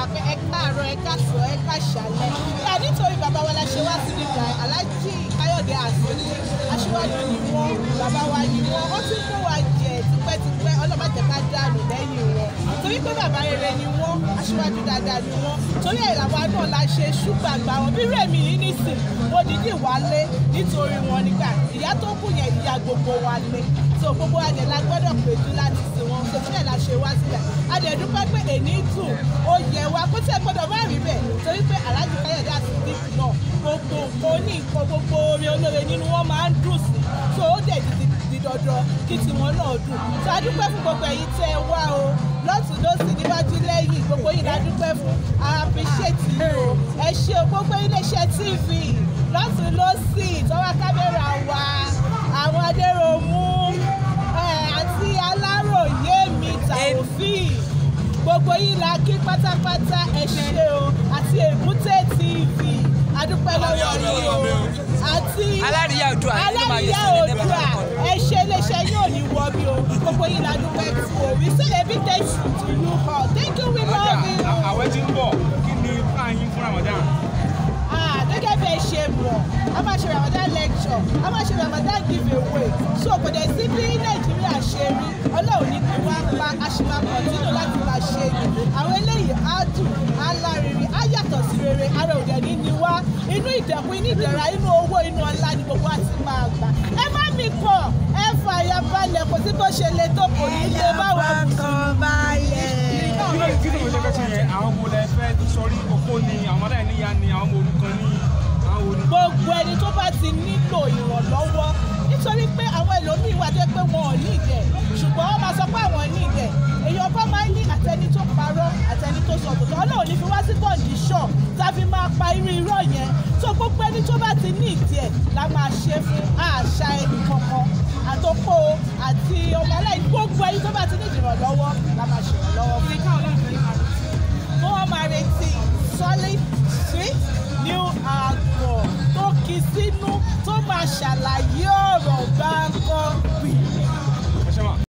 wa pé ẹ káàárọ̀ ẹ káàsọ̀ ẹ káàṣálẹ́ nítorí bàbá wa la ṣe wá sí nígbà aláàjì káyọ̀dé àsọ̀lé aṣíwájú ni wọ́n bàbá wa ni wọ́n wọ́n tún kó wa jẹ tipẹ́tipẹ́ ọlọ́mọdé ká dáàbò lẹ́yìn wọn torí pé bàbá rere ni w aṣíwájú dáadáa ni wọ́n torí ẹ̀ náà la ṣe ṣúgbà gbà wọn bí rèmi yìí nìsín odidi wálé nítorí wọn nígbà ìyá tó kù yẹn ìyá gbogbo wálé so gbogbo adẹ̀ la gbọ́dọ̀ péjú láti sìn wọn so torí ẹ̀ la ṣe wá sílẹ̀ adẹ̀ dúpẹ́ pé èní dùn ó yẹ wa kó tẹ̀ gbọ́dọ̀ má rí bẹ́ẹ̀ torí pé aláàjì káyọ̀dé àti steve náà gbogbo nǹkan nǹkan gbogbo oore olóore nínú wọn máa ń dùn sí so ó dẹ̀ di dandan kí tiwọn náà dùn so a dúpẹ́ fún gbogbo ẹ̀yin tẹ́ wá o lọ́tún appreciate you ẹ ṣe gbogbo iléeṣẹ́ tv lọ́tún lọ́sì tọ́wọ́ kámẹ́rà wa àwọn adéròmú àti aláròyé mi tàòfin gbogbo yìí la kí pátápátá ẹ ṣe o àti ègúté tv adúpẹ́ lọ́wọ́ yìí o àti alárìíyá òdua ẹ ṣe iléeṣẹ́ yóò ní wọ́ mi o gbogbo yìí la dúpẹ́ tù o we say a you all thank you women. Gabriel a máa ṣe that lecture a máa ṣe Ramadan giveaway so kò dẹ̀ sí bí Nàìjíríà ṣe rí Ọlọ́run ní kí wọ́n pa a sì máa kọ̀tínú láti máa ṣe ni àwọn eléyìí á dùn á lárinrin á yàtọ̀ sí rere ara one. ní ni wá inú ìdẹ̀kùn inú ìdẹ̀ra inú owó inú ọlá ni gbogbo wa ti máa gbà ẹ má mi kọ̀ ẹ fàyà balẹ̀ kò sí bó ṣe le tó kò ní lè bá wà mùsùlùmí. kí ló ń ṣe kẹ́sì yẹn àwọn ọmọ olè fẹ́ sọrí òpó ni àwọn aláìníyá ni àwọn ọmọ olùkọ́ ni gbogbo ẹni tó bá ti nílò ìrànlọ́wọ́ nítorí pé àwọn ẹlòmíín wà jẹ́ pé wọn ò ní ìdẹ̀ ṣùgbọ́n wọ́n máa sọ pé àwọn ní ìdẹ̀ èèyàn bá máa ń ní àtẹni tó parọ́ àtẹni tó sọ tòótọ́ náà ní fi wá sí kọ̀ǹdíṣọ̀ tá a fi máa pa irú irọ́ yẹn tó gbogbo ẹni tó bá ti ní ìdíẹ̀ la máa ṣe fún àṣà ẹnì kankan àtòkò àti ọmọ aláìní gbogbo ẹni tó bá ti ní ìrànlọ́wọ́ la máa ṣe ìrànlọ́wọ́ fún. mo máa retí solid sweet new album sínú tó máa ṣàlàyé ọ̀rọ̀ bá ń